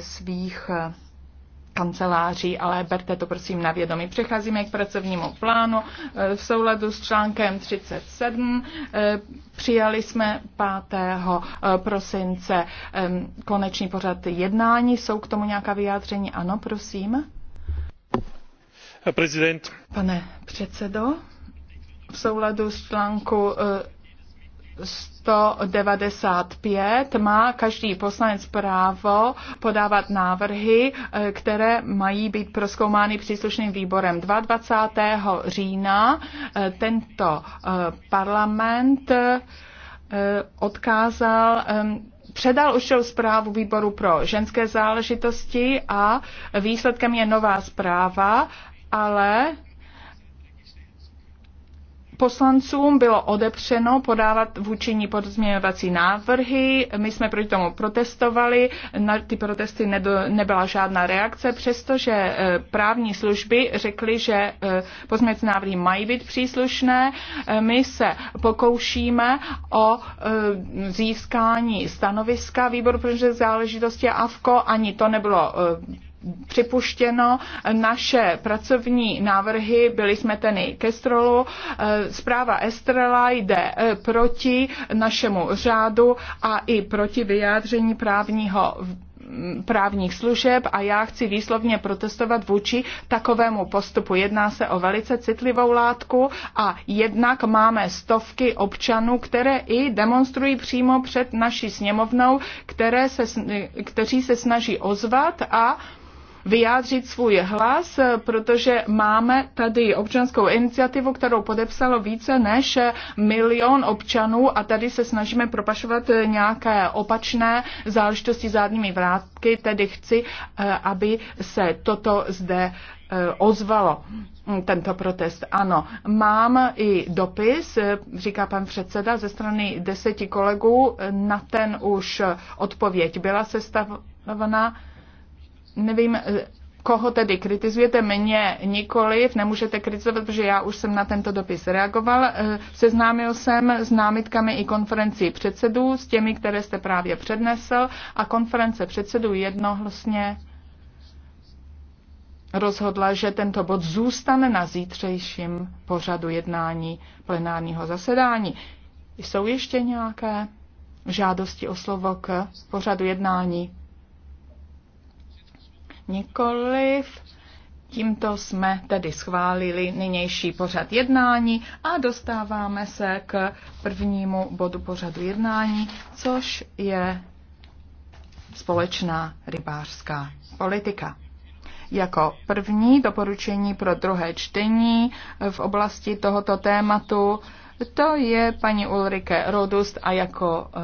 svých eh, kanceláří, ale berte to prosím na vědomí. Přecházíme k pracovnímu plánu. Eh, v souladu s článkem 37 eh, přijali jsme 5. prosince konečný pořad jednání. Jsou k tomu nějaká vyjádření? Ano, prosím. Prezident. Pane předsedo, v souladu s článku 195 má každý poslanec právo podávat návrhy, eh, které mají být proskoumány příslušným výborem. 22. října eh, tento eh, parlament odkázal předal už zprávu výboru pro ženské záležitosti a výsledkem je nová zpráva, ale poslancům bylo odepřeno podávat vůči ní návrhy. My jsme proti tomu protestovali, na ty protesty nedo, nebyla žádná reakce, přestože eh, právní služby řekly, že eh, pozměňovací návrhy mají být příslušné. Eh, my se pokoušíme o získání stanoviska výboru pro záležitosti a AFKO, ani to nebylo připuštěno naše pracovní návrhy, byli jsme tedy ke strolu. Eh, zpráva Estrela jde eh, proti našemu řádu a i proti vyjádření právního právních služeb a já chci výslovně protestovat vůči takovému postupu. Jedná se o velice citlivou látku a jednak máme stovky občanů, které i demonstrují přímo před naší sněmovnou, které se, kteří se snaží ozvat a vyjádřit svůj hlas, eh, protože máme tady občanskou iniciativu, kterou podepsalo více než milion občanů a tady se snažíme propašovat nějaké opačné záležitosti zádnými vrátky, tedy chci, eh, aby se toto zde eh, ozvalo hm, tento protest. Ano, mám i dopis, říká pan předseda, ze strany deseti kolegů, na ten už odpověď byla sestavována nevím, eh, koho tedy kritizujete, mě nikoliv, nemůžete kritizovat, protože já už jsem na tento dopis reagoval. Eh, Seznámil jsem s námitkami i konferenci předsedů, s těmi, které jste právě přednesl a konference předsedů jednohlasně rozhodla, že tento bod zůstane na zítřejším pořadu jednání plenárního zasedání. Jsou ještě nějaké žádosti o slovo k pořadu jednání? Nikoliv. Tímto jsme tedy schválili nynější pořad jednání a dostáváme se k prvnímu bodu pořadu jednání, což je společná rybářská politika. Jako první doporučení pro druhé čtení v oblasti tohoto tématu to je paní Ulrike Rodust a jako eh,